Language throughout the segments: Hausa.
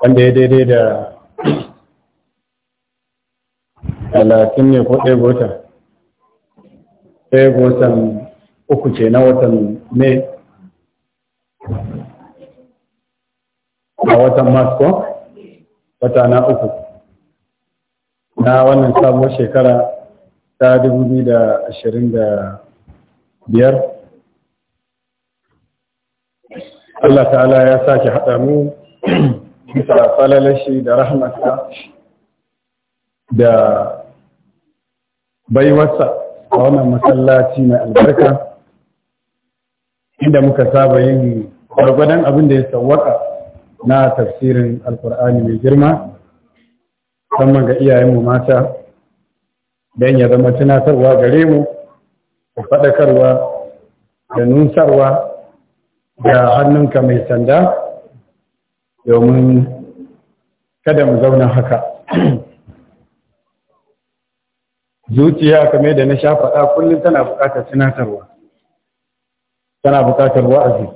wanda ya daidai da talatin ne ko ɗaya gotan ɗaya gotan uku ce na watan ne? a watan masko wata na uku na wannan sabuwar shekara ta dubu biyu da ashirin da biyar Allah ta'ala ya sake haɗa mu bisa falalashi da rahmata da baiwarsa a wannan masallaci mai albarka inda muka saba yin gwargwadon abin da ya sawwaka na tafsirin alkur'ani mai girma musamman ga iyayenmu mata don ya zama tunatarwa gare mu da faɗakarwa da nusarwa da hannunka mai sanda domin kada mu zauna haka zuciya kamar da na sha faɗa kullum tana buƙatar tunatarwa tana buƙatar wa'azi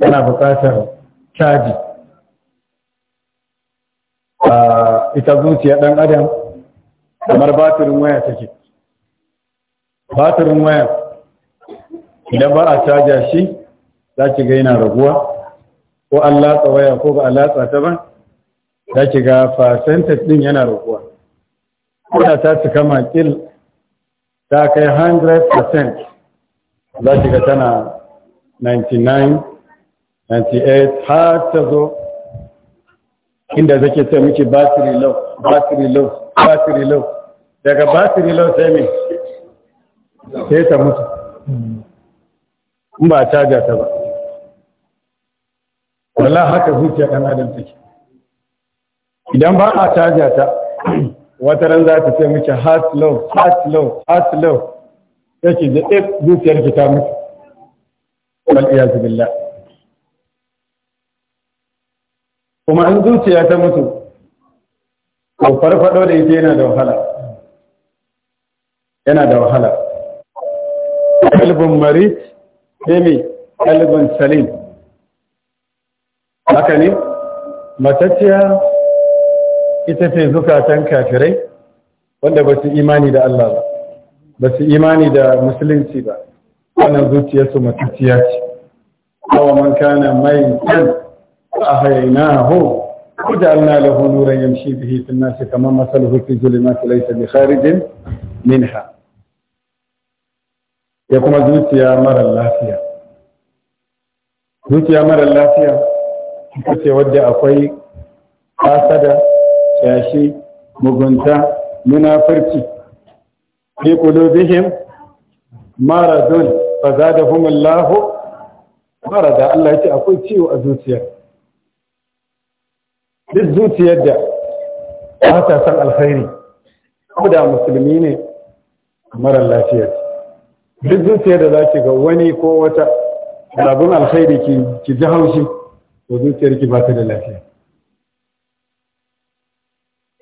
tana buƙatar caji ita zuciya ɗan adam kamar batirin waya take batirin waya idan ba a caja shi za ki ga yana raguwa ko an latsa waya ko ba a latsa ta ba za ki ga percentage din yana raguwa kuna ta cika makil ta kai 100% za ki ga tana 99 98 har ta zo inda zake ce miki battery low battery low battery low daga battery low sai me sai ta mutu in ba a caja ta ba wala haka zuciya ɗan adam take idan ba a caja ta wata ran za ta ce miki heart love heart love heart love take da ɗin zuciyar ki ta mutu wal iyazu billah kuma an zuciya ta mutu to farfado da ita yana da wahala yana da wahala kalbin mari sai mai kalbin salim haka ne matacciya ita ce zukatan kafirai wanda ba su imani da Allah ba ba su imani da musulunci ba wannan zuciyarsu matacciya ce kawo man kana mai kan a haina ho وجعلنا له نورا يمشي به في الناس كما fi في الظلمات bi kharijin minha ya kuma zuciya mara lafiya zuciya mara lafiya ita ce wadda akwai kasada shashi mugunta munafurci fi qulubihim maradun fazadahum Allah marada Allah yace ce akwai ciwo a zuciya duk zuciyar da ba ta san alkhairi ko da musulmi ne mara lafiya duk zuciyar da za ki ga wani ko wata rabun alkhairi ki ji haushi to zuciyar ki ba ta da lafiya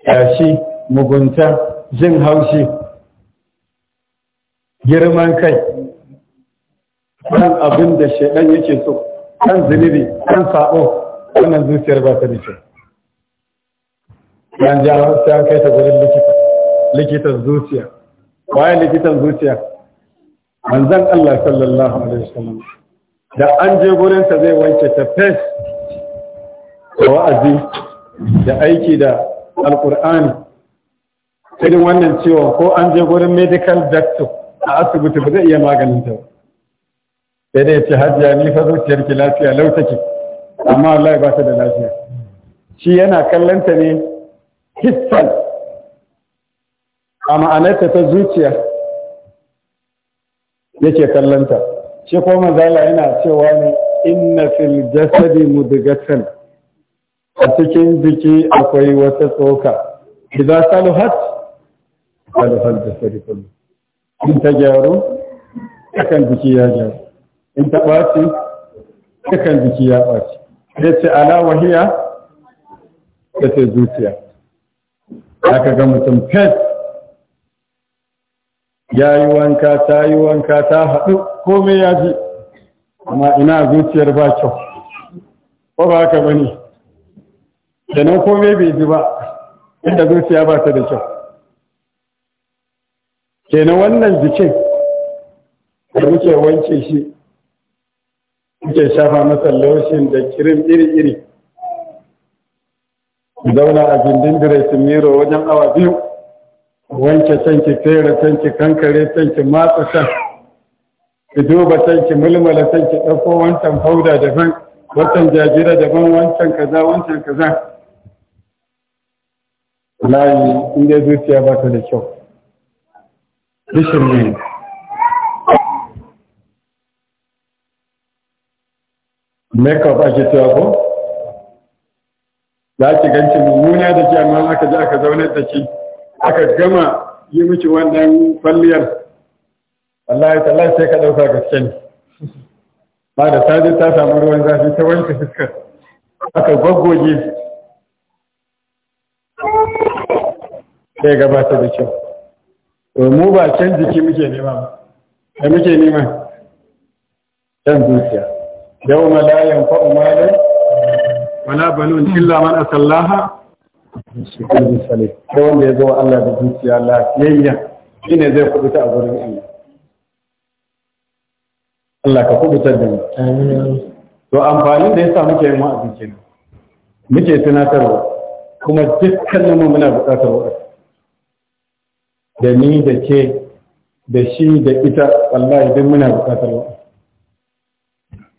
yashi mugunta jin haushi girman kai kan abin da shaidan yake so kan zunubi kan sabo wannan zuciyar ba ta da kyau yan ji sai an kai ta gurin likita likitan zuciya waye likitan zuciya manzon Allah sallallahu alaihi wasallam da an je gurinsa zai wanke ta fes da wa'azi da aiki da alkur'ani irin wannan ciwon ko an je gurin medical doctor a asibiti ba zai iya maganin ta ba. da ya ce hajiya ni fa zuciyar ki lafiya lauta ki? amma wallahi ba ta da lafiya shi yana kallanta ne hissan a ma'anarta ta zuciya yake kallanta shi ko manzala yana cewa ne inna fil jasadi mudgatan a cikin jiki akwai wata tsoka idan saluhat saluhat jasadi kullu in ta gyaru akan jiki ya gyaru in ta ɓaci akan jiki ya ɓaci ya ce ala wahiya ta ce zuciya aka ga mutum fes ya yi wanka ta yi wanka ta haɗu komai ya ji amma ina zuciyar ba kyau ko ba haka bane ko komai bai ji ba inda zuciya ba ta da kyau kenan wannan jikin da muke wanke shi muke shafa masa laushin da kirim iri-iri zauna a gindin diresin miro wajen awa biyu wanke can ki fere can ki kankare can ki matsa can ki duba can ki mulmula can ki ɗauko wancan fauda daban wancan jajira daban wancan kaza wancan kaza layi inda zuciya ba ta da kyau rishin ne up ake cewa ko za ki ganci mummuna da ke amma aka ji aka zaunar da ki aka gama yi miki wannan kwalliyar wallahi tallahi sai ka ɗauka gaske ne ba da ta ta samu ruwan zafi ta wanke fuskar aka gwaggoge sai gabata da kyau to mu ba can jiki muke nema ba da muke nema can zuciya yau ma la yanfa'u malun wala banun illa man asallaha shi kalbi salim ko wanda ya zo wa Allah da zuciya lafiyayya ne zai kubuta a gurin Allah Allah ka kubutar da mu to amfanin da ya sa muke yin wa'azi kenan muke tunatarwa kuma dukkanin mu muna buƙatar wa'azi da ni da ke da shi da ita wallahi duk muna buƙatar wa'azi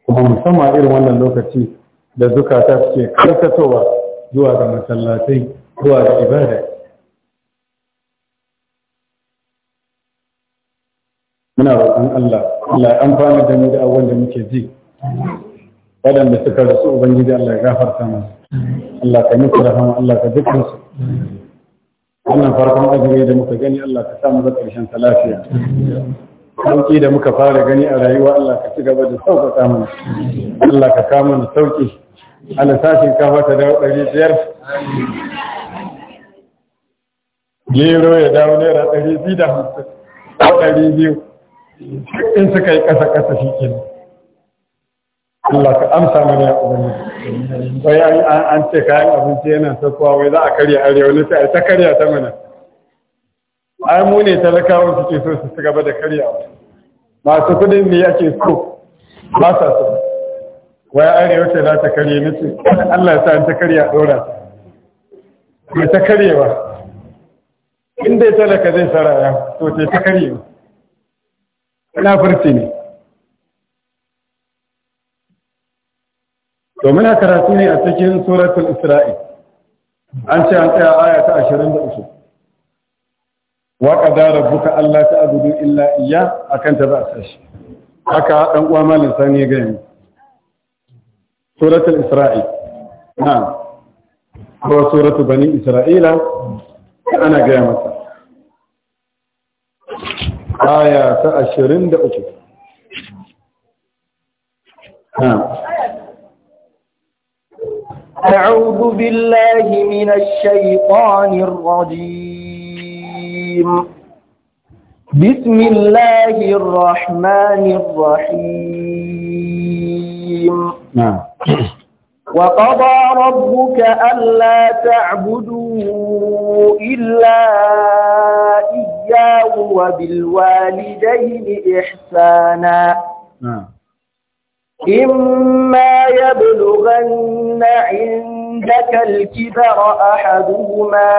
kuma musamman irin wannan lokaci da zukata suke karkatowa zuwa ga masallatai zuwa ga ibada muna roƙon Allah Allah ya amfana da mu da abubuwan da muke ji waɗanda suka rasu ubangiji Allah ya gafarta musu Allah ka muku rahama Allah ka duk musu. wannan farkon azumi da muka gani Allah ka samu da ƙarshen ta lafiya sauki da muka fara gani a rayuwa Allah ka ci gaba da sauƙaƙa mana Allah ka kama mana sauki Ana sa shinkafa ta dawo ɗari biyar gero ya dawo naira ɗari biyu da hamsin ɗari biyu in suka yi ƙasa ƙasa shi ke Allah ka amsa mana ya ubangiji wai an ce kayan abinci yana sakuwa wai za a karya rewa nufi sai ta karya ta mana ai mu ne talakawan suke so su gaba da karya masu kudin ne yake so ba sa so Waya arewa ce za ta karye nace Allah ya sa ta karya a ɗora ta mai ta karyewa in dai talaka zai saraya to ce ta karyewa ina furti ne to muna karatu ne a cikin suratul isra'il an ce an tsaya aya ta 23 wa qadara rabbuka alla ta'budu illa iyya akan ta za a shi haka dan uwa malam sani ya gani سورة الإسرائيل نعم هو سورة بني إسرائيل أنا قيامتها آية تأشرين دعوك نعم أعوذ بالله من الشيطان الرجيم بسم الله الرحمن الرحيم الرجيم نعم وقضى ربك ألا تعبدوا إلا إياه وبالوالدين إحسانا نعم إما يبلغن عندك الكبر أحدهما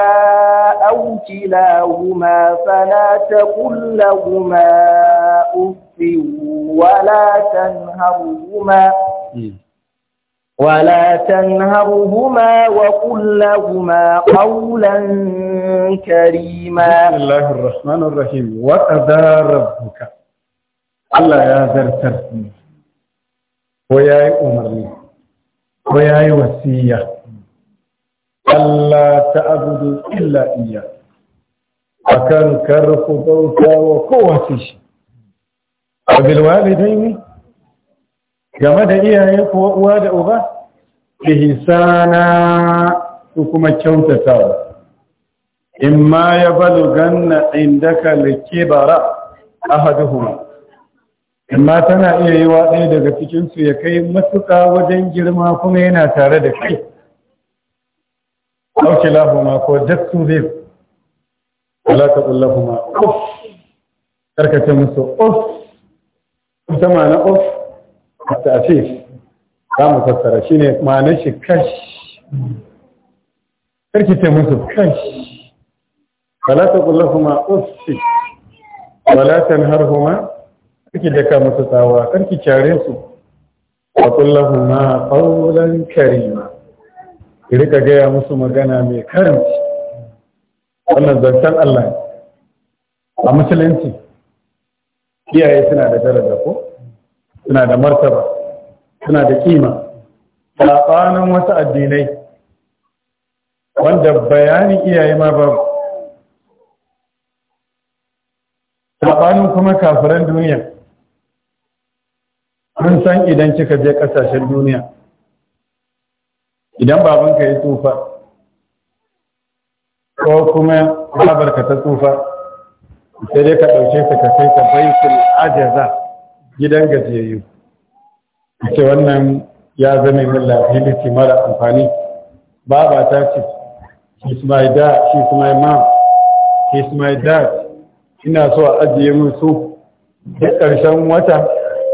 أو كلاهما فلا تقل لهما أف ولا تنهرهما ولا تنهرهما وقل لهما قولا كريما بسم الله الرحمن الرحيم وقضى ربك الله يا زرتر وياي أمرني وياي وسية ألا تعبد إلا إياه وكان كرف ضوء وقوة شيء وبالوالدين game da iyaye kuwa uwa da uba hisana su kuma kyautatawa in ma ya balu ganna inda ka bara, a likibara ahaduhuma in ma tana iya yi wa ɗaya daga cikinsu ya kai matuƙa wajen girma kuma yana tare da kai ɗauki lahuma ko daktu zai alaƙa ƙullahuma uf musu uf ita ma na uf tafif za mu fassara shi ne ma'anar shi kash karki ta musu kash balata ta kuma ufi wala har kuma karki daka musu tsawa karki kyare su a ƙulla kuma ƙaunar karima ki ka gaya musu magana mai karanci wannan zartan Allah a musulunci iyaye suna da daraja ko suna da martaba suna da kima saɓanin wasu addinai wanda bayanin iyaye ma babu saɓanin kuma kafiran duniya kun san idan kika je ƙasashen duniya idan babanka ya tsufa ko kuma babarka ta tsufa sai dai ka ɗauke ka kai ka bai su ajaza gidan gajiyayyu ce wannan ya zama min lability mara amfani baba ta ce she's my dad she's my mom she's my dad ina so a ajiye min su da ƙarshen wata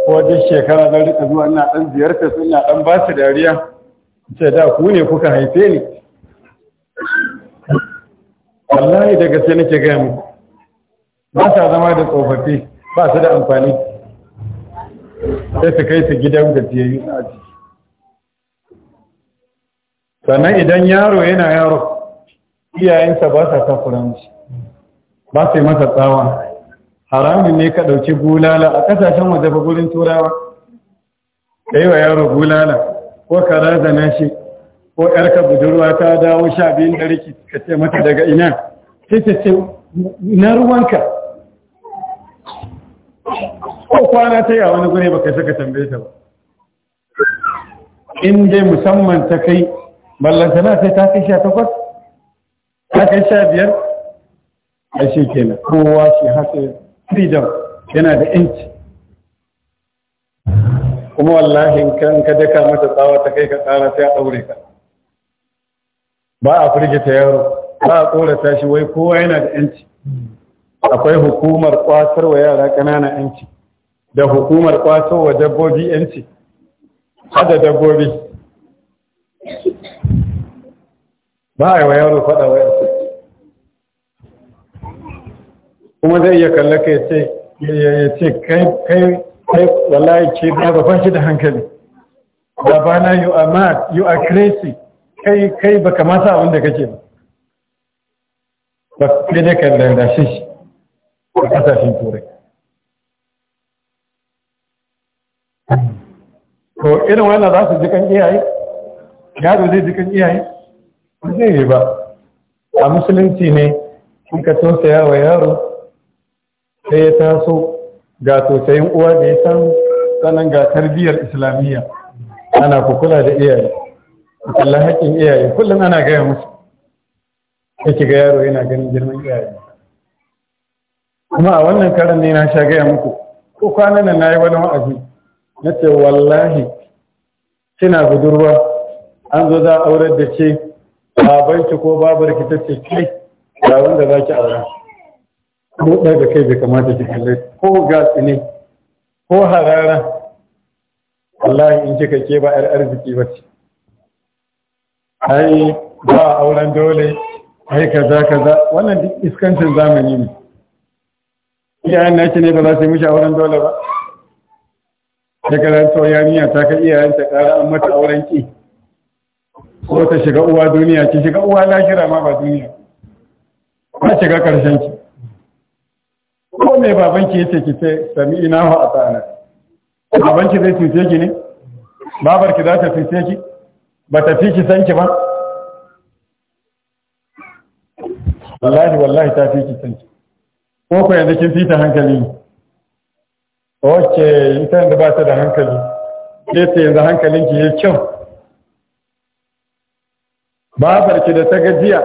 ko duk shekara na rika zuwa ina ɗan ziyarta su ina ɗan ba su dariya ce da ku ne kuka haife ni wallahi daga sai nake gaya mu ba sa zama da tsofaffi ba su da amfani sai su kai su gidan gajiyayyu a ciki sannan idan yaro yana yaro iyayensa ba sa kafuran shi ba su masa tsawa haramun ne ka ɗauki bulala a ƙasashen waje ba gurin turawa ka yi wa yaro bulala ko ka razana shi ko ‘yarka budurwa ta dawo sha biyun da ka ce mata daga ina sai ce ce na ruwanka ko kwana ta yi a wani gure baka saka tambaye ta ba in dai musamman ta kai ballantana sai ta kai sha takwas ta kai sha biyar a shi kenan kowa shi haka freedom yana da yanci kuma wallahi kan ka daka mata tsawa ta kai ka tsara sai a ɗaure ka ba a firgita yaro ba a tsorata shi wai kowa yana da yanci akwai hukumar kwasar wa yara ƙanana yanci da hukumar kwato wa dabbobi yanci hada dabbobi ba a yi wa yaro fada wa yanci kuma zai iya kallaka ce ya ce kai kai kai wallahi ce ba ba shi da hankali ba ba na yu a mat you a crazy kai kai ba ka masa abin da kake ba ba kai dai kan da shi a kasashen turai Ko irin wannan za su jikan iyaye yaro zai jikan iyaye ba zai yi ba a musulunci ne in ka tausaya wa yaro sai ya taso ga tausayin uwa da ya san sanan ga tarbiyyar islamiyya ana kukula da iyaye kalla haƙƙin iyaye kullum ana gaya musu yake ga yaro yana ganin girman iyaye kuma a wannan karan ne na sha gaya muku ko kwanan nan na yi wani wa'azi na ce wallahi suna budurwa an zo za a aurar da ce babanki ko babarki ta ce kai ga wanda za ki aura ko ɗaya da kai bai kamata ki kalle ko gasi ne ko harara wallahi in kika ke ba yar arziki ba ce ai ba a auren dole ai kaza kaza wannan duk iskancin zamani ne iyayen naki ne ba za su yi mishi auren dole ba ta karanto yarinya ta iya iyayenta ƙara an mata auren ki ko ta shiga uwa duniya ki shiga uwa lahira ma ba duniya ba shiga ƙarshen ki ko me babanki yace ki ce sami ina ho a tsana babanki zai tuce ki ne babarki za ta tuce ki ba ta fi ki san ki ba wallahi wallahi ta fi ki san ki ko ko yanzu kin fita hankali ne Oke ita yanzu ba ta da hankali ke ce yanzu hankalinki ya kyau ki da ta gajiya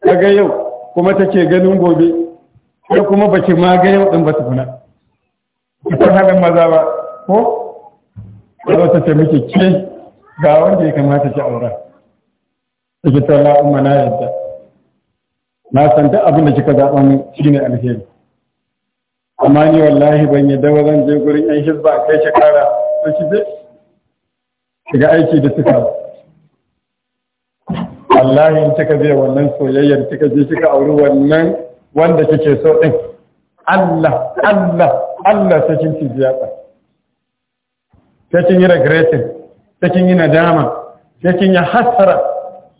ta ga yau kuma ta take ganin gobe ko kuma baki ma ga yau din ba tukuna ita halin maza ba ko ko ta ce miki ke ga wanda ya kamata ki aura take ta la umma na yadda na san duk abin da kika zaɓa shi shine alheri amma ni wallahi ban yadda ba zan je gurin yan hizba a kai shekara to shi zai shiga aiki da suka wallahi in kika je wannan soyayyar kika je kika auri wannan wanda kike so din Allah Allah Allah ta kin ci ziyara ta kin yi regretting ta kin yi nadama ta kin yi hasara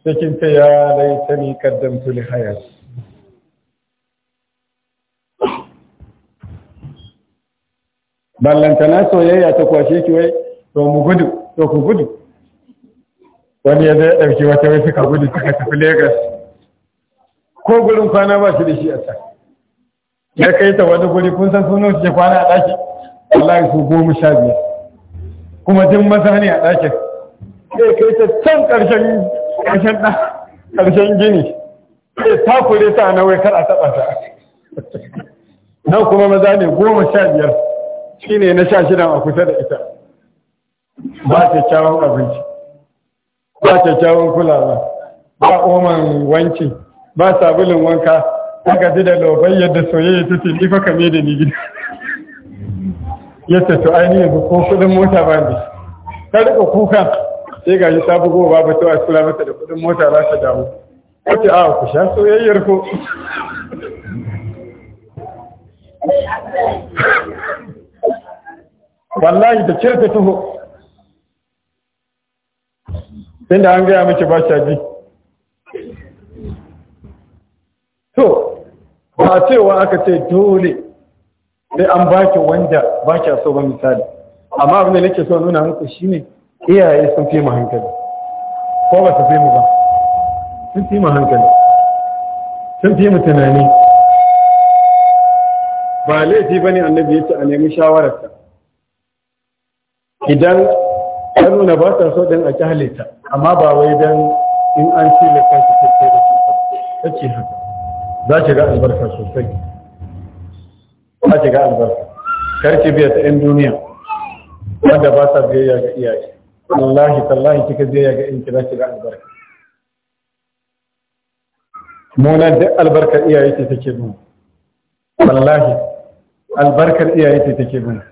ta kin ce ya laitani qaddamtu li hayati ballantana soyayya ta kwashe ki wai to mu gudu to ku gudu wani ya zai ɗauki wata wai suka gudu suka tafi Legas ko gurin kwana ba shi da shi a can ya kai ta wani guri kun san sunan su kwana a ɗaki wallahi su goma sha biyar kuma duk maza ne a ɗakin zai kai ta can ƙarshen ƙarshen ɗa ƙarshen gini sai takure ta a wai kar a taɓa ta nan kuma maza ne goma sha biyar shi ne na sha shidan a kusa da ita ba kyakkyawan abinci ba kyakkyawan kulawa ba oman wanki ba sabulin wanka aka ji da lobai yadda soyayya ta ce ifa kame da ni gida yadda to ainihin yanzu ko kudin mota ba ne ta rika kuka sai ga shi ta bugo ba ba ta a kula mata da kudin mota za ta damu wace a ku sha soyayyar ko wallahi da ta tuho inda an gaya miki ba shaji to ba cewa aka ce dole sai an baki wanda ba kya so ba misali amma abin da nake so nuna muku shine iyaye sun fi mu hankali ko ba su fi mu ba sun fi mu hankali sun fi mu tunani ba laifi ba ne annabi ce a nemi shawararsa idan ya nuna ba ta so ɗin a kyale ta amma ba wai don in an ce da kansu take da ta ce haka za ki ga albarka sosai za ki ga albarka karki biya ta yan duniya wanda ba sa biyayya ga iyaye wallahi tallahi kika biyayya ga in ki za ki ga albarka munan duk albarkar iyaye ce take nuna wallahi albarkar iyaye ce take nuna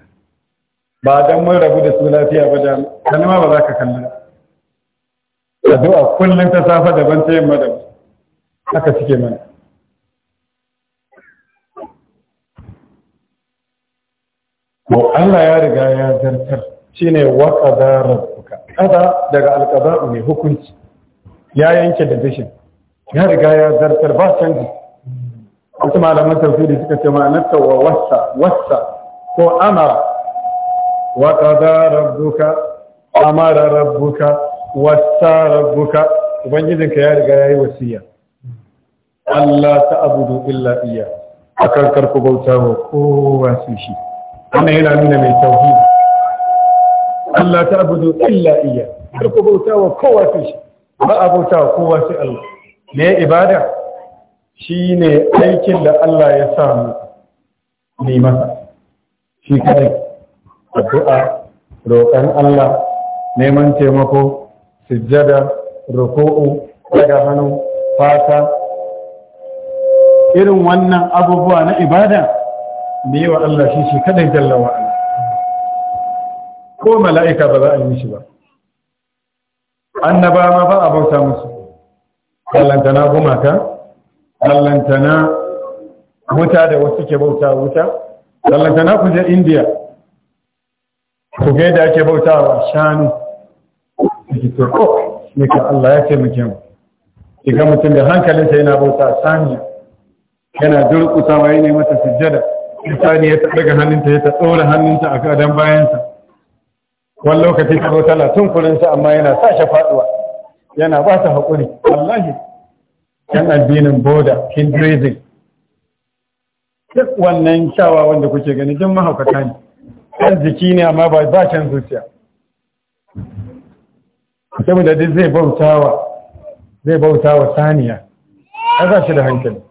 ba don mun rabu da su lafiya ba da kalma ba za ka kalla addu'a kullum ta safa daban ta yamma da haka suke mana ko Allah ya riga ya zartar shine wa qada rabbuka Kada daga alqada'u ne hukunci ya yanke da dashin ya riga ya zartar ba canji wasu malaman tafsiri suka ce ma'anar wa wassa wassa ko amara وقضى ربك أمر ربك وسى ربك ubangijinka ya riga ya yi wasiya Allah ta abudu illa iya a karkar ku bauta wa kowa su shi wannan yana nuna mai Allah ta abudu illa iya shi ba a kowa sai Allah me ibada shine aikin da Allah ya sa mu ni masa shi kai addu'a roƙon Allah neman taimako sujjada ruku'u daga hannu fata irin wannan abubuwa na ibada da yi wa Allah shi shi kadai jalla wa ko mala'ika ba za a yi shi ba annaba ma ba a bauta musu kallantana gumaka na wuta da wasu ke bauta wuta na kuje indiya Kogai da yadda ake bautawa shanu ke turko oh, ne ka Allah ya ce muke mu mutum da hankalinsa yana bauta saniya yana sama yi ne mata sujjada sani ya daga hannunta ya tsora hannunta a gadon bayansa wani lokaci ta bauta na kurinsa amma yana sa shi faduwa yana ba ta haƙuri wallahi yan addinin boda hinduism duk wannan shawa wanda kuke gani duk mahaukata ne kan jiki ne amma ba can zuciya saboda duk zai bautawa zai bautawa saniya an za shi da hankali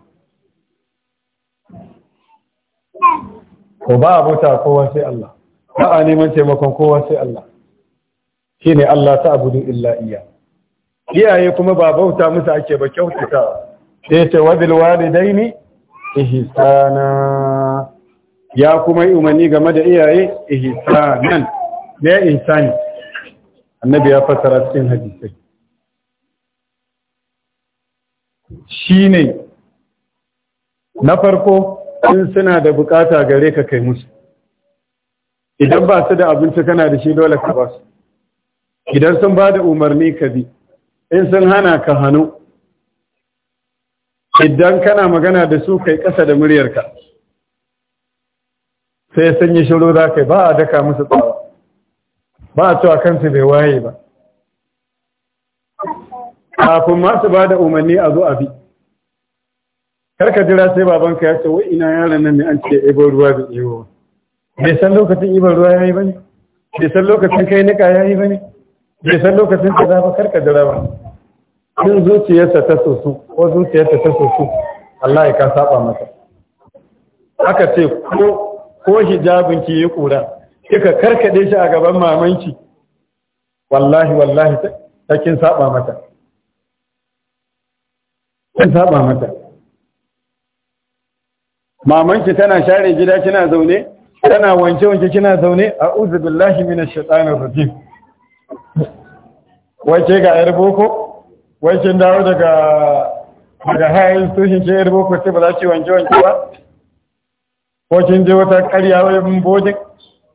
ko ba a bauta kowa sai Allah ba a neman taimakon kowa sai Allah shi ne Allah ta abudu illa iya iyaye kuma ba bauta musu ake ba ta sai ce wabil walidaini ihsana ya kuma yi umarni game da iyaye ihsanan ya insani annabi ya fassara cikin hadisai shine na farko in suna da bukata gare ka kai musu idan ba su da abinci kana da shi dole ka ba su idan sun ba da umarni ka bi in sun hana ka hannu idan kana magana da su kai kasa da muryarka sai sanya shiru za ka ba a daka musu tsawa ba a cewa kansu bai waye ba kafin masu ba da umarni a zo a bi karka jira sai babanka ya ce wai ina yaran nan ne an ce ibar ruwa da iyo bai san lokacin ibar ruwa ya yi ba ne bai san lokacin kai nika ya yi ba ne bai san lokacin kaza ba karka jira ba Sun zuciyarsa ta soso ko zuciyarsa ta soso Allah ya ka saba masa aka ce ko ko hijabin ki yi kura kika karkade shi a gaban mamanki wallahi wallahi ta kin saba mata kin saba mata mamanki tana share gida kina zaune tana wanke wanke kina zaune a uzu billahi minash shaitanir rajim wace ga yar boko wace dawo daga daga hayin tushin ce yar boko ce ba za ki wanke wanke ba ko kin je wata ƙarya wai mun boje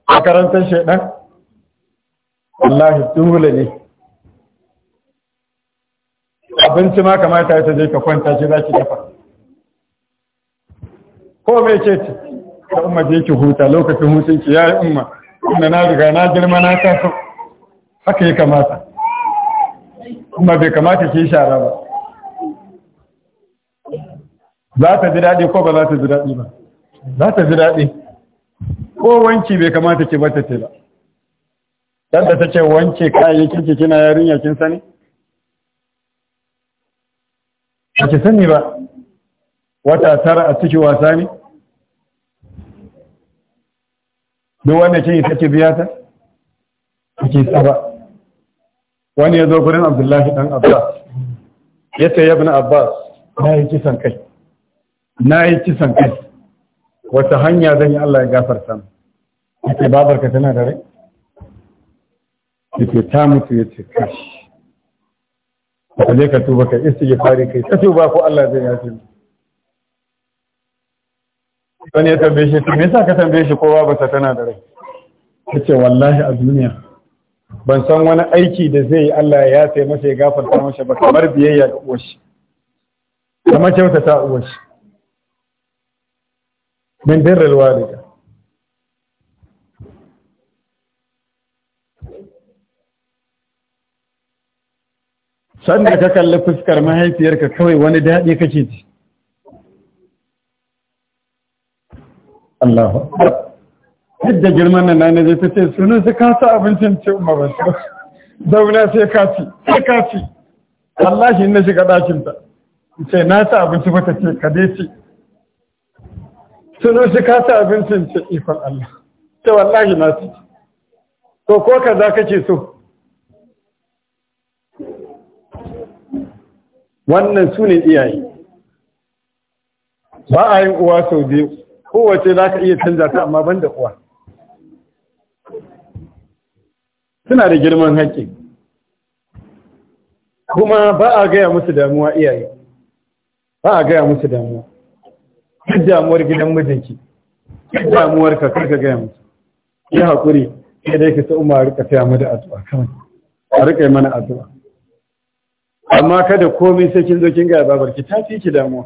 a karantar shaidan wallahi dole ne abinci ma kamata ya je ka kwanta shi zaki dafa ko me ce ce ta umma je ki huta lokacin hutunki yayi umma inda na riga na girma na taso haka ya kamata kuma bai kamata ki shara ba za ta ji daɗi ko ba za ta ji daɗi ba za ta ji daɗi ko wanki bai kamata ki bata ce ba dan da take wanke kayayyakin ki kina yarinya kin sani ba ki sani ba wata tara a ciki wasa ne duk wanda kin take biya ta kike saba wani ya zo gurin Abdullahi dan Abbas yadda ya na Abbas na yi kisan kai na yi kisan kai wata hanya zan yi Allah ya gafarta mu babar ka tana da rai yace ta mutu ya ce kashi ka je ka tuba kai fari kai ta tuba ko Allah zai yafe mu wani ya tambaye shi me yasa ka tambaye shi ko babarsa tana da rai ce wallahi a duniya ban san wani aiki da zai yi Allah ya taimaka masa ya gafarta masa ba kamar biyayya ga uwashi kamar ta uwashi min birril walida sanda ka kalli fuskar mahaifiyarka kawai wani daɗi kake ci Allah duk da girman nan nan zai ta ce sunan su kasa abincin ce umma ba su zauna sai kaci sai kaci Allah shi ne na shiga ɗakinta sai na ta abinci ba ta ce ka dai ci tuno shi ka ta abincin ce ikon Allah ta wallahi na ci to ko ka za kake so wannan su ne iyaye ba a yin uwa sau biyu kowace za ka iya canza ta amma ban da uwa suna da girman haƙƙi kuma ba a gaya musu damuwa iyaye ba a gaya musu damuwa duk damuwar gidan mijinki duk damuwar ka karka gaya musu ya haƙuri ya dai ka ta umma a rika taya mu addu'a kawai a rika yi mana addu'a amma kada komai sai kin zo kin gaya ki ta fi ki damuwa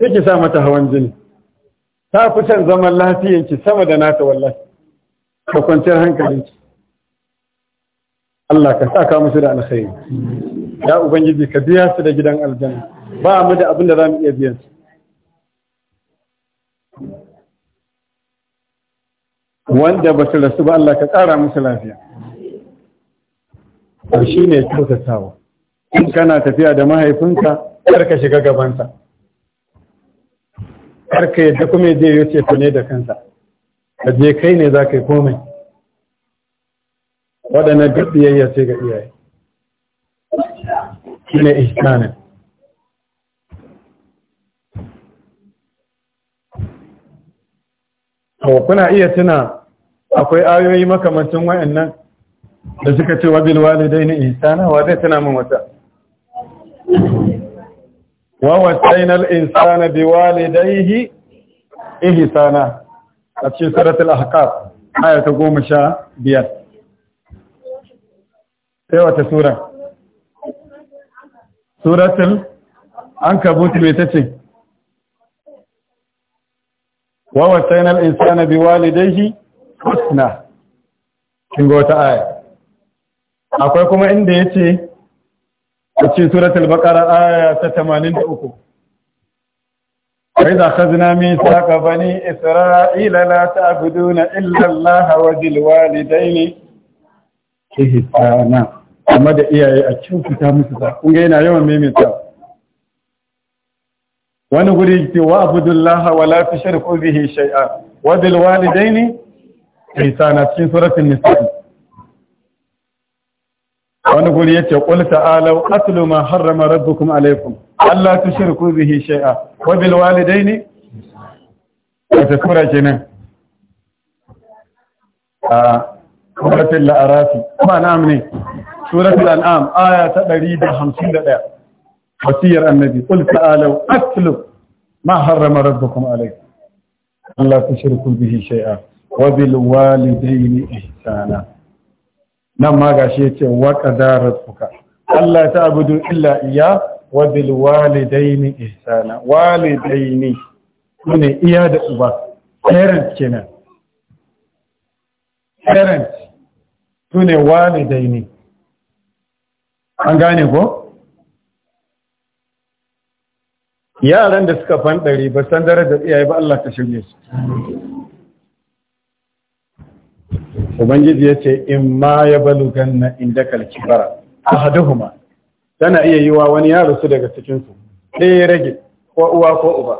sai ki sa mata hawan jini ta fi son zaman lafiyanki sama da nata wallahi ka kwanciyar hankalinki Allah ka sa ka musu da alkhairi ya ubangiji ka biya su da gidan aljanna ba mu da abin da za mu iya biyan su wanda ba su rasu ba Allah ka ƙara musu lafiya to shi ne kyautatawa in kana tafiya da mahaifinka kar ka shiga gabansa kar ka yadda kuma je ya ce ne da kansa ka je kai ne za ka yi komai waɗannan duk biyayya ce ga iyaye shi ne iya tuna akwai ayoyi makamancin wayannan da suka ce wabil ni insana wa zai tana min wata wa wasaina al-insana biwalidayhi ihsana a cikin suratul ahqaf aya ta 15 sai wata sura suratul ankabut me tace wa wasaina al-insana biwalidayhi husna kin ga wata aya akwai kuma inda yace a cikin suratul baqara aya ta 83 وإذا أخذنا ميثاق بني إسرائيل لا تعبدون إلا الله وبالوالدين إحسانا amma da iyaye a kyautata musu ba kun yana yawan maimaita wani guri ke wa abdullah wa la tushriku dai نسانا في سورة النساء ونقول يتي قل تعالوا أتلوا ما حرم ربكم عليكم ألا تشركوا به شيئا وبالوالدين وتكورا جنا سورة سورة الأنعام آية تقريبا خمسين دقيقة وسير النبي قل تعالوا أتلوا ما حرم ربكم عليكم ألا تشركوا به شيئا wa bil walidaini ihsana nan ma gashi yace wa qadaratuka Allah ta abudu illa iya wa bil walidaini ihsana walidaini ne iya da uba parent kenan parent sune walidaini an gane ko yaran da suka dare ba san darajar iyaye ba Allah ta shirye su ubangiji ya ce in ma ya balugan na inda kalkibara ahaduhuma tana iya yiwa wani ya rasu daga cikinsu ɗaya rage ko uwa ko uba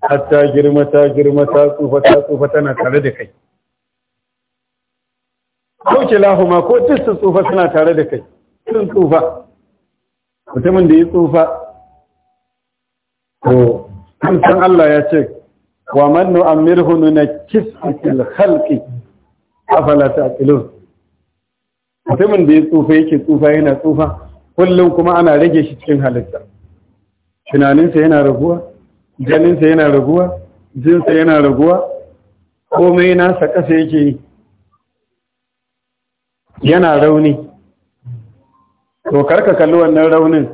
hatta girma ta girma ta tsufa ta tsufa tana tare da kai ko kilahuma ko duk su tsufa suna tare da kai sun tsufa mutumin da ya tsufa to san Allah ya ce wa man amirhu nuna fil halƙi? afala taqilun mutumin da ya tsufa yake tsufa yana tsufa kullum kuma ana rage shi cikin halitta tunaninsa yana raguwa janinsa yana raguwa jinsa yana raguwa komai nasa ƙasa yake yi yana rauni to karka kalli wannan raunin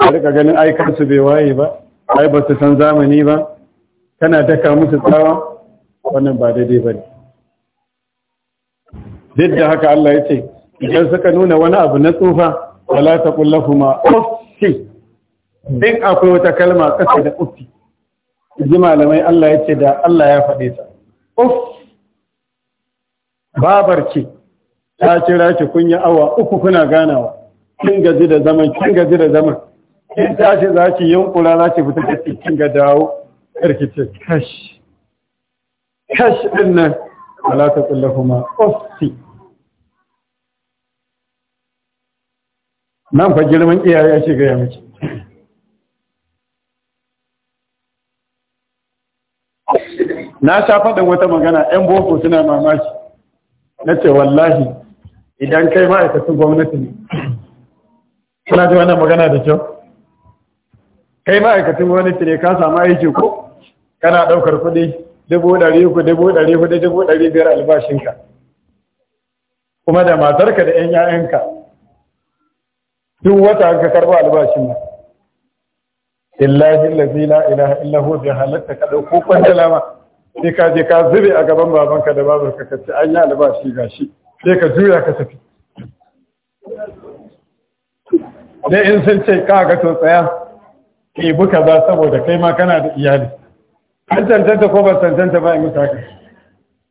karka ganin aikansu bai waye ba ai ba su san zamani ba tana daka musu tsawa wannan ba daidai ba ne duk da haka Allah ya ce idan suka nuna wani abu na tsufa wala ta ma uffi din akwai wata kalma kasa da uffi ji malamai Allah ya ce da Allah ya faɗe ta uff babar ce ta kira ki kun yi awa uku kuna ganawa kin gaji da zaman kin gaji da zaman kin tashi za ki yunkura za ki fita kake kin ga dawo karki ce kash kash din nan wala ta ma uffi nan fa girman iyaye ake gaya miki na sha faɗin wata magana 'yan boko suna mamaki na ce wallahi idan kai ma'aikacin gwamnati ne suna ji wannan magana da kyau kai ma'aikacin gwamnati ne ka samu aiki ko kana ɗaukar kuɗi dubu ɗari uku dubu ɗari hudu dubu ɗari biyar albashinka kuma da matarka da 'yan 'ya'yanka duk wata ka karɓo albashin nan illahi lafi la ilaha illa hu bi halatta ka ɗauko kwandala ma sai ka je ka zube a gaban babanka da babar ka kace an yi albashi gashi sai ka juya ka tafi dai in sun ce ka ga to tsaya ke buka ba saboda kai ma kana da iyali an cancanta ko ba cancanta ba in mutaka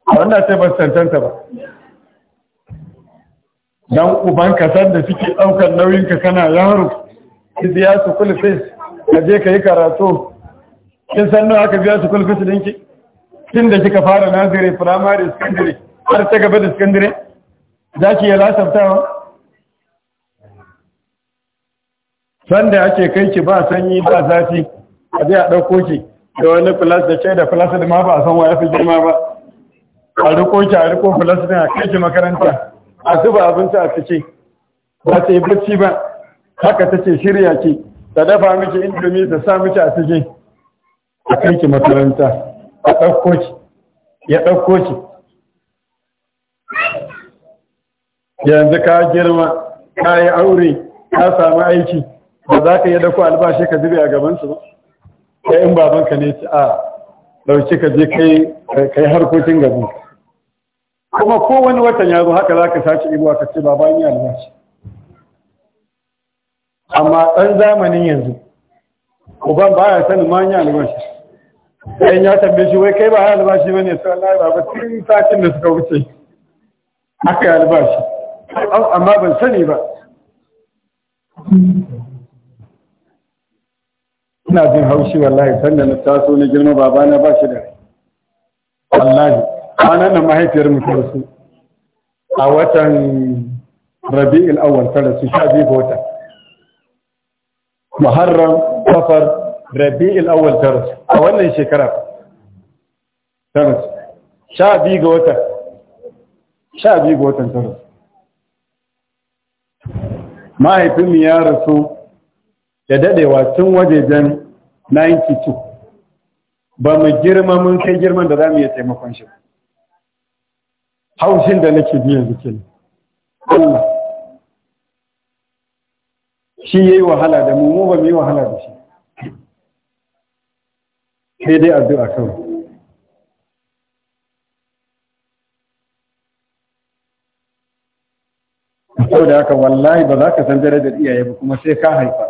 wannan ce ba cancanta ba dan uban san da suke ɗaukar nauyin ka kana yaro ki biya su kulfis ka je ka yi karatu kin san nawa ka biya su kulfis dinki tun da kika fara nazire firamare secondary har ta gaba da secondary za ki yi lasaftawa da ake kai ki ba sanyi ba zafi a je a ɗauko ki da wani class da ke da class da ma ba a san wa ya fi girma ba a riko ki a riko class din a kai ki makaranta a zuba abinci a cike ba ta yi bacci ba haka ta ce shirya ki ta dafa miki indomi ta sa miki a cikin a kai ki makaranta a ɗauko ki ya ɗauko ki yanzu ka girma ka yi aure ka samu aiki ba za ka yi ɗauko albashi ka zube a gabansu ba sai in babanka ne ci a ɗauki ka je kai harkokin gabanka kuma ko wani watan ya zo haka za ka sace ibuwa ka ce baba ni albashi amma ɗan zamanin yanzu uban ba ya sanin ma ni albashi ɗan ya tambaye shi wai kai ba ya albashi ba ne su Allah ba ba tun satin da suka wuce haka ya albashi amma ban sani ba ina jin haushi wallahi sanda na taso na girma babana ba shi da wallahi kwanan nan mahaifiyar mu rasu a watan rabi'il awwal ta rasu sha biyu ga wata muharram safar rabi'il awwal ta rasu a wannan shekara ta rasu sha biyu ga wata sha biyu ga watan tara su mahaifin ya rasu da dadewa tun wajejen 92 ba mu girma mun kai girman da za mu iya taimakon shi ba haushin da nake biyan zikin Allah shi ya yi wahala da mu mu ba mu yi wahala da shi sai dai addu'a kawai da haka wallahi ba za ka san darajar iyaye ba kuma sai ka haifa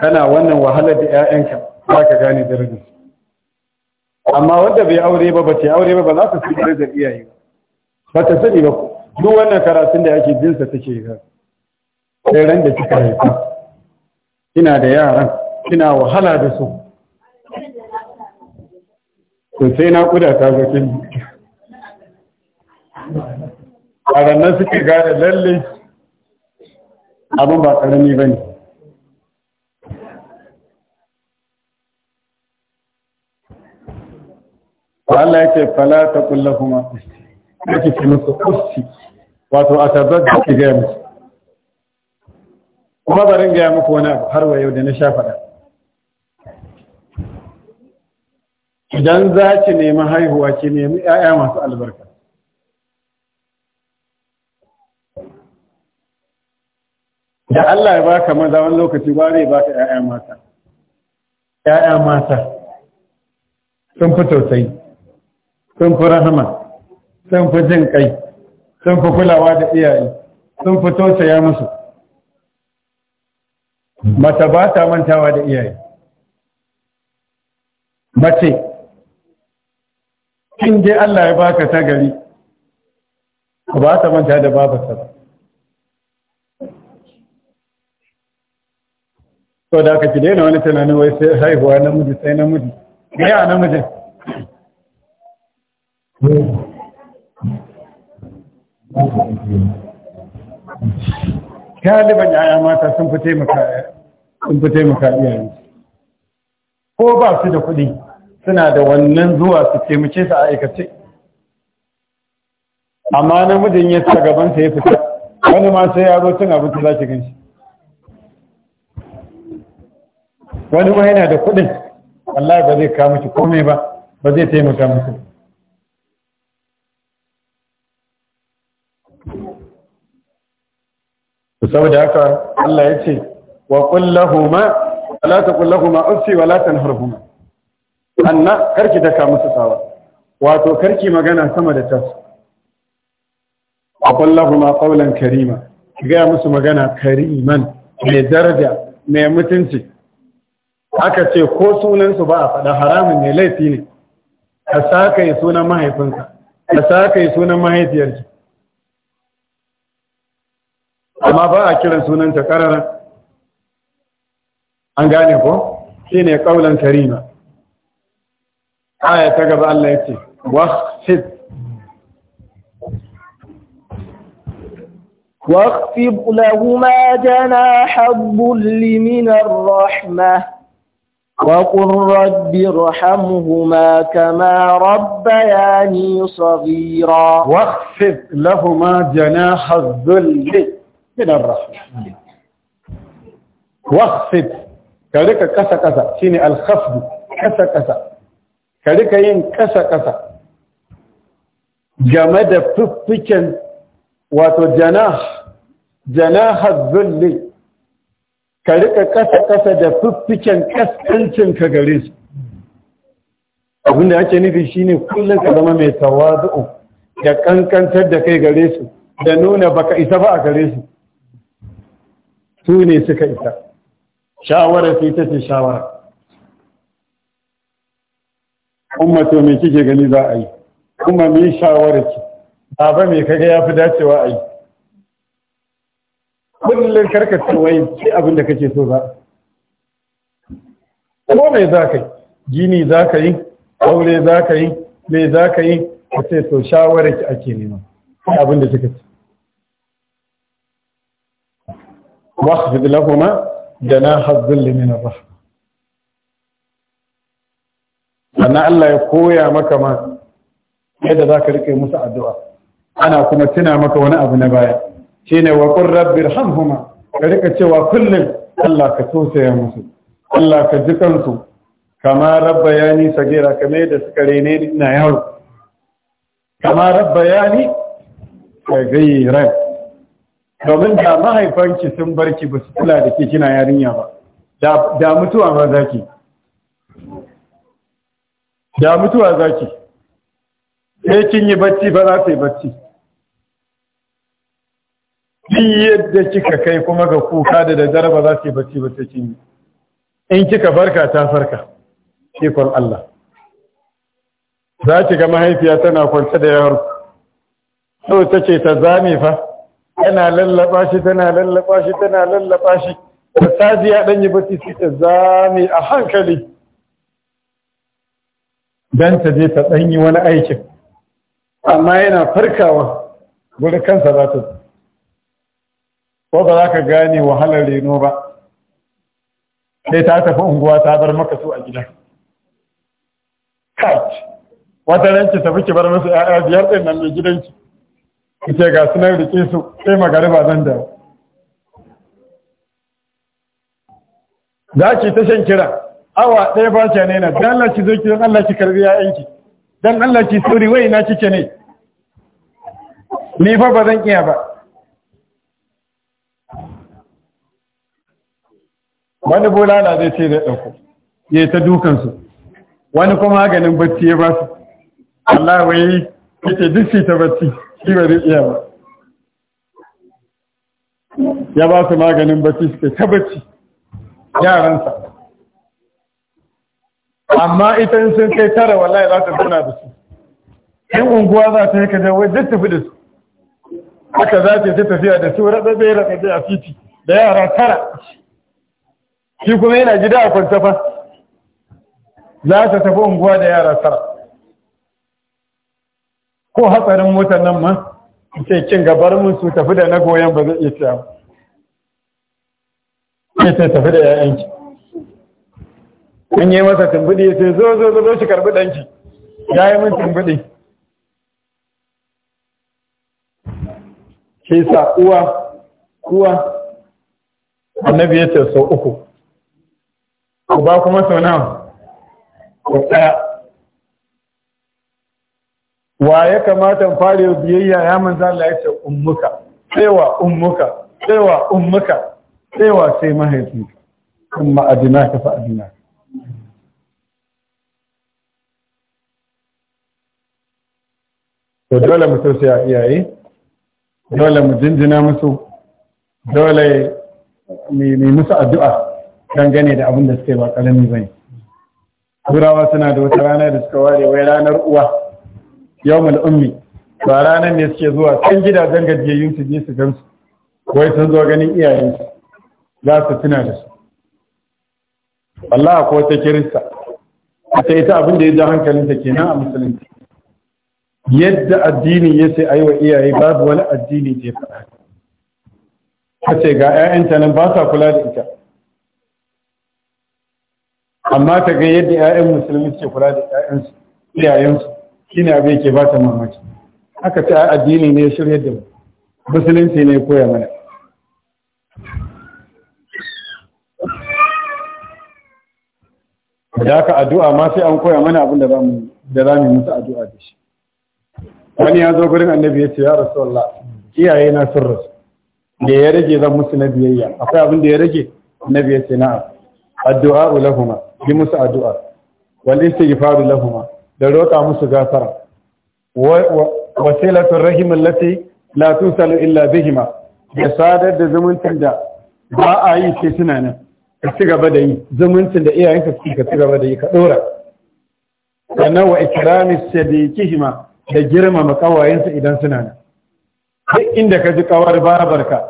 kana wannan wahalar da 'ya'yanka za ka gane darajar amma wanda bai aure ba ba ce aure ba ba za ka san darajar iyaye ba ba ta sani ba duk wannan karatun da ake jinsa take ga sai ran da kika haifa kina da yaran kina wahala da su to sai na kuda ta ga kin a ranar suke gane lalle abin ba karami ba ne Allah ya ce fala ta kulla kuma ake ce masa usti wato a tabbat da ke gaya musu kuma barin gaya muku wani abu har wa yau da na sha faɗa idan za ki nemi haihuwa ki nemi 'ya'ya masu albarka da Allah ya baka maza wani lokaci ba zai baka 'ya'ya mata ‘ya'ya mata sun fi tausayi, sun fi rahama, sun fi jin kai sun fi kulawa da iyaye sun fi tausaya musu mata ba ta mantawa da iyaye mace in je Allah ya baka ta gari ba ta manta da babarsa ba to da aka kide na wani tunanin wai sai haihuwa namiji sai namiji ya namiji Kaliban yaya mata sun fi taimaka iyayen su, ko ba su da kuɗi suna da wannan zuwa su taimake su a aikace amma namijin ya sa gabansa ya fita wani ma sai ya zo cin abinci za ki ganshi wani ma yana da kuɗin Allah ba zai kawo miki komai ba ba zai taimaka mutum. saboda haka Allah ya ce wa kullahuma wala ta kullahuma wa wala tanharhuma anna karki ka musu tsawa wato karki magana sama da tas wa kullahuma qawlan karima ga musu magana kariman mai daraja mai mutunci aka ce ko sunansu ba a fada haramun ne laifi ne ka sa ka yi sunan mahaifinka ka sa ka yi sunan mahaifiyarki amma ba a kiran sunanta karara an gane ko shi ne ƙaunar karima aya ta gaba Allah ya ce waqfid waqfid lahuma janaha dhulli min ar-rahmah وقل رب ارحمهما كما ربياني صغيرا واخفض لهما جناح الذل min ar-rahim waqfid ka rika kasa kasa shine al-khafd kasa kasa ka rika yin kasa kasa game da fiffiken wato janah janah zulli ka rika kasa kasa da fiffiken kaskancin ka gare su abin da ake nufi shine kullum ka zama mai tawazu da kankantar da kai gare su da nuna baka isa ba a gare su su ne suka isa shawara sai ta ce shawara umma to me kike gani za a yi kuma me shawara ki baba me kaga ya fi dacewa a yi kullum karkatar wai sai abin da kake so za ko me za ka yi gini za ka yi aure za ka yi me za ka yi ka ce to shawara ki ake nema abin da kika ce واخفض da جناح الذل من الرحمة sannan Allah ya koya maka ma yadda za ka riƙe musu addu'a ana kuma tuna maka wani abu na baya shi ne wa ƙun rabbir hamhuma ka riƙa cewa kullum Allah ka tosaya musu Allah ka ji kansu kama rabba ya ni sagira kame yadda suka rene na yaro kama rabba ya ni ka gayi domin da mahaifanki sun barki ba su kula da ke kina yarinya ba da mutuwa ma ki? da mutuwa ki? sai kin yi bacci ba za su yi bacci yi yadda kika kai kuma ga kuka da daddare ba za su yi bacci ba ta kin yi in kika farka ta farka ikon Allah za ki ga mahaifiya tana kwance da yaro sau ta ce ta zame fa tana lallaba shi tana lallaba shi tana lallaba shi da safi ya ɗanyi bacci sai ta zame a hankali Dan ta je ta yi wani aikin amma yana farkawa guri kansa za ta ko ba za ka gane wahalar reno ba sai ta tafi unguwa ta bar maka su a gida kai wata ranci tafi ki bar musu 'ya'ya biyar ɗin nan mai gidanki ku ce ga sunan rike su sai magariba zan da za ki ta shan kira awa ɗaya ba ki ne na dan Allah ki zo ki dan Allah ki karbi ya'yanki dan Allah ki suri wai na kike ne ni fa ba zan iya ba wani bulala zai ce da ɗauko ya ta dukansu wani kuma maganin bacci ya ba su Allah wai yake duk ta bacci shi ba iya ba ya ba su maganin bacci suke ta bacci yaransa amma ita in sun kai tara wallahi za ta tuna da su in unguwa za ta yi ka jawo duk tafi da su haka za ta yi tafiya da su raɗaɗe raɗaɗe a titi da yara tara shi kuma yana gida a kwanta fa za ta tafi unguwa da yara tara ko hatsarin motar nan ma ce kin gabar mun su tafi da na goyon ba zai iya ciya ba sai tafi da yayanki in yi masa tumbudi sai zo zo zo zo shi karbi danki ya yi min tumbuɗi Ke sa uwa uwa annabi ya ce sau uku ku ba kuma sau nawa ko ɗaya wa ya kamata fare biyayya ya manzo Allah ya ce ummuka tsewa ummuka tsewa ummuka tsewa sai mahaifinka kuma adinaka fa adinaka to dole mu a iyaye dole mu jinjina musu dole mu musu addu'a gane da abin da suke ba kalami bane turawa suna da wata rana da suka ware wai ranar uwa yawon ummi ba ranar ne suke zuwa can gidajen gajiyayyun su je su gansu wai sun zo ganin su za su tuna da su Allah ko ta kirista ta ita abin da ya ja hankalinta kenan a musulunci yadda addini ya ce a yi wa iyaye babu wani addini da ya faɗa ta ce ga 'ya'yanta nan ba sa kula da ita amma ta ga yadda 'ya'yan musulmi suke kula da 'ya'yansu iyayensu shi ne abin yake ba ta mamaki aka ce addini ne shirya da musulunci ne koya mana da aka addu'a ma sai an koya mana abin da za mu yi musu addu'a da shi wani ya zo gurin annabi ya ce ya rasu Allah iyaye na sun rasu da ya rage zan musu na biyayya akwai abin da ya rage annabi ya ce na addu'a lahuma bi musu addu'a wal istighfaru lahuma da roƙa musu gafara wasilatun rahimin lati la tusalu illa bihima da sadar da zumuncin da ba a yi ce suna nan ka ci gaba da yi zumuncin da iyayenka suke ka ci gaba da yi ka ɗora sannan wa ikrami sadiqihima da girmama ƙawayensa idan suna nan duk inda ka ji kawar babarka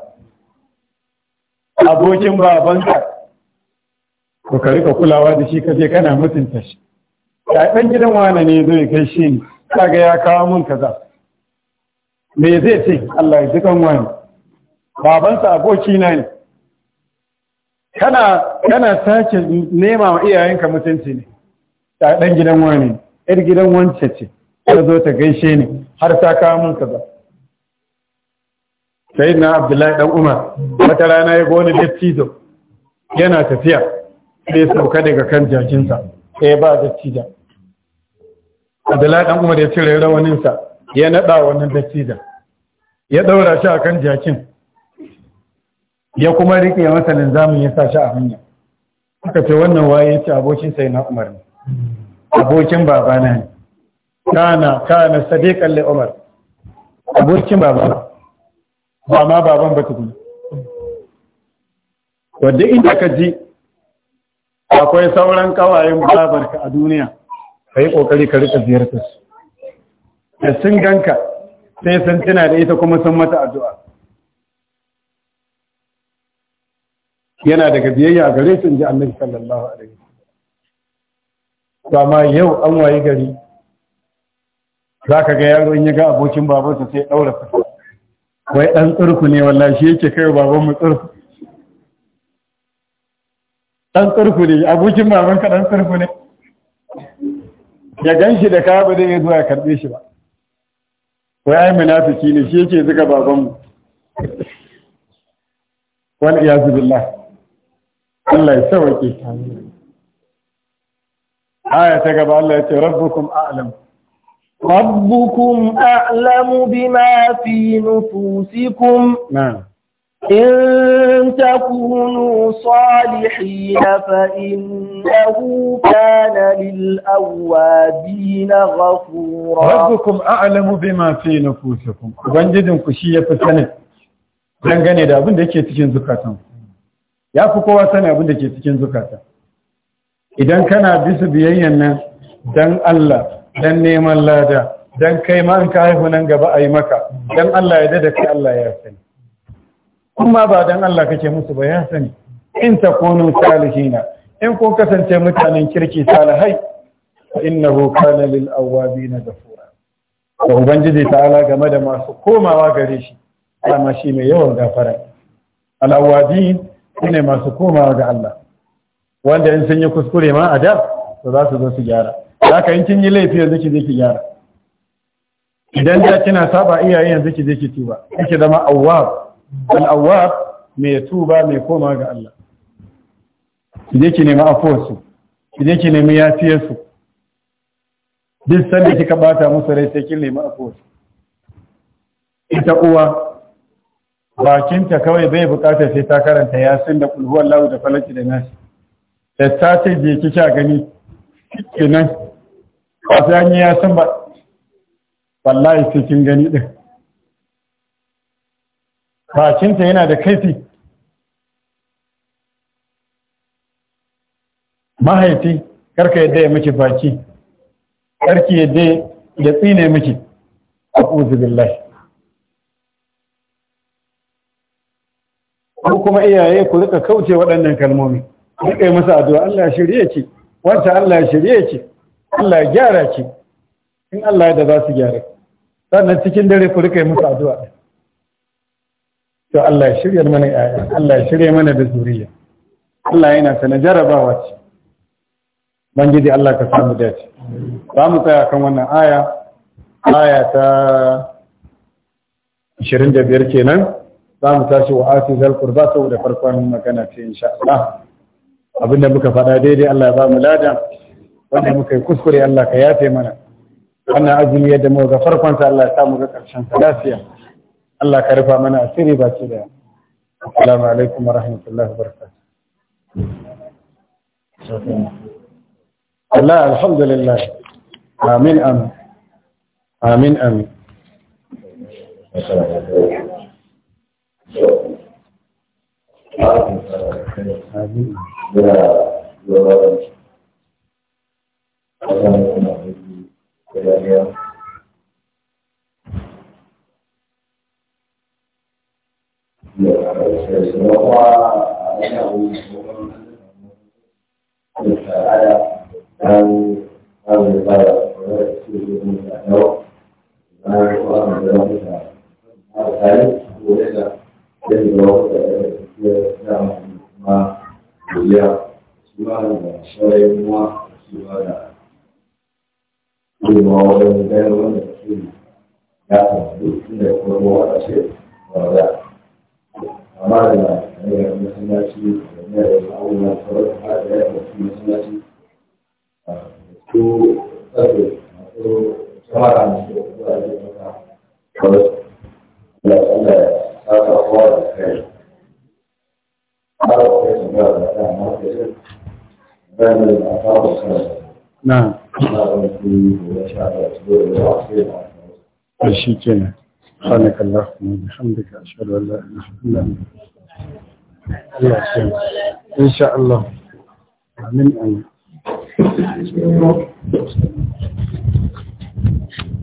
abokin babanka ko ka rika kulawa da shi ka je kana mutunta shi ya ɗan gidan wane ne zai kai shi kaga ya kawo mun kaza me zai ce Allah ya dukan wani babansa aboki na ne kana kana sake nema wa iyayenka mutunci ne ta ɗan gidan wani ɗan gidan wance ce ta zo ta gaishe ne, har ta kawo mun kaza sai na abdullahi dan umar wata rana ya goni dattijo yana tafiya sai sauka daga kan jakinsa sai eh, ba dattijan abdullahi dan umar ya cire rawaninsa ya naɗa wannan dattijan ya ɗaura shi akan jakin ya kuma riƙe masa linzamin ya sa shi a hanya aka ce wannan waye ya ce abokin sai na umar ne abokin na ne kana kana sadiqan li umar abokin baba. ba ma baban ba tukuna wanda inda ka ji akwai sauran kawayen babarka a duniya ka yi ƙoƙari ka rika ziyartar su da sun ganka sai sun tuna da ita kuma sun mata addu'a yana daga biyayya gare su ji annabi sallallahu alaihi wasallam ma yau an wayi gari za ka ga yaro in ya ga abokin babansa sai ɗaura fasa wai ɗan tsirku ne wallahi shi yake kai babanmu tsirku ɗan tsirku ne abokin baban ka ɗan tsirku ne ya gan shi da ka ba zai zuwa ya karɓe shi ba wai ai munafiki ne shi yake zuga babanmu wal iyazu billah Allah ya sauke aya ta gaba Allah ya ce rabbukum a'lam rabbukum a'lamu bima fi nufusikum na'am إن تكونوا صالحين فإنه كان للأوابين غفورا ربكم أعلم بما في نفوسكم وانجدن كشية فسنة dangane da abin da ke cikin zukatan ya fi kowa sani abin da ke cikin zukatan idan kana bisa biyayyan nan dan Allah dan neman lada dan kai ma in ka haihu nan gaba a yi maka dan Allah ya dada kai Allah ya sani kuma ba dan Allah kake musu ba ya sani in ta kunu salihina in kun kasance mutanen kirki salihai fa innahu kana lil awabin ghafura to ubangiji ta'ala game da masu komawa gare shi Allah shi mai yawan gafara al awabin ne masu komawa ga Allah wanda in sun yi kuskure ma a da to za su zo su gyara haka in kin yi laifi yanzu ki je ki gyara idan da kina saba iyaye yanzu ki je ki tuba kike zama awwab Al'awwa mai tuba mai koma ga Allah ki je ki nemi afuwarsu ki je ki nemi yafiyarsu duk sanda kika bata musu rai sai kin nemi afuwarsu ita uwa bakinta kawai bai bukatar sai ta karanta yasin da kulhuwar lawu da falaki da nasi da ta ce je sha gani kenan ba sai an yi yasin ba wallahi sai kin gani ɗin. bakinta yana da kaifi mahaifi karka yadda ya miki baki karki yadda ya tsine miki a billahi ko kuma iyaye ku rika kauce waɗannan kalmomi rika yi masa addu'a Allah ya shirye ki wanda Allah ya shirye ki Allah ya gyara ki in Allah ya da za su gyara sannan cikin dare ku rika yi masa addu'a to Allah ya shirya mana yaya Allah ya shirya mana da zuriya Allah yana sana jarabawa ce bangiji Allah ka samu dace ba mu tsaya kan wannan aya aya ta 25 kenan za mu tashi wa ati zal qurba saboda farkon magana ce insha Allah abinda muka faɗa daidai Allah ya ba mu lada wanda muka yi kuskure Allah ka yafe mana wannan azumi yadda mu ga farkon sa Allah ya samu ga karshen sa lafiya الله كرفا منا سيري باتيريا السلام عليكم ورحمة الله وبركاته الله الحمد لله آمين آمين آمين آمين آمين آمين أشهد أن لا إله إلا الله إن شاء الله من آمين